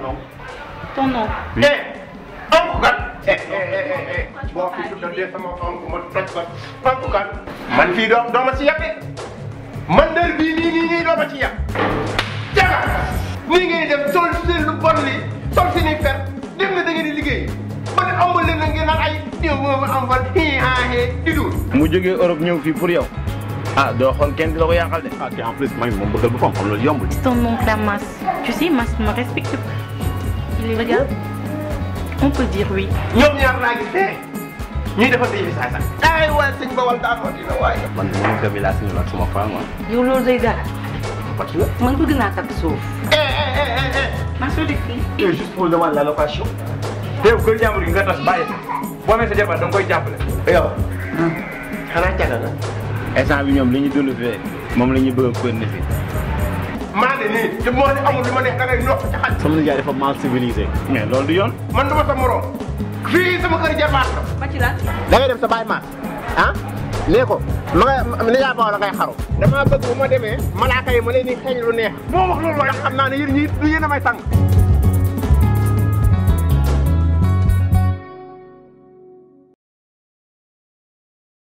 nom. ton nom. oui onkukat. boo fi tuddee sama onk ma toj ko onkukat. man fii doo doo ma ci yàqee man dër bii nii nii nii doo ma ci yàq. jaga nii ngeen def sol si lu bon li sol si ni fer def nga da ngeen di liggéey ba ne amul leen na ngeen naan ay diw moom ma am fan hi ha he di mu jógee Europe ñëw fii pour yow. ah doo xool kenn di la ko yàqal de. ah te en plus man moom bëggal bu fam xam loolu yombul. c'est un oncle à Mass tu sais Mass me respecte pas. il est légal on peut dire oui. ñoom ñaar laa gisee ñuy defar si saa sax. ay waay sëñ Bawal daa ko dina waaye. man mënuñ ko village ñu nag sama femme ah. yow loolu day dara. parce que. man bëgg naa kat suuf. eh eh eh eh. maa soo def fii. juste pour demander la location. yow kër jàmbur gi nga tas bàyyi boo amee sa jabar da nga koy jàppale. yow xanaa instant bi ñoom li ñu dund fee moom la ñu bëgg a continuer fii. maa ngi nii te moo ne amul lu ma neex ci xaj. sama nijaay dafa mal civilisé. mais loolu du yoon. man du ma sa morom. fii sama kër jarbaat la. ba ci lan. da dem sa bàyyi maat ah nee ko ma nga nijaay boobu la ngay xaru. damaa ma demee malaaka yi ma leen di lu neex. moo wax loolu la xam naa ne ñii du yéen a may tàng.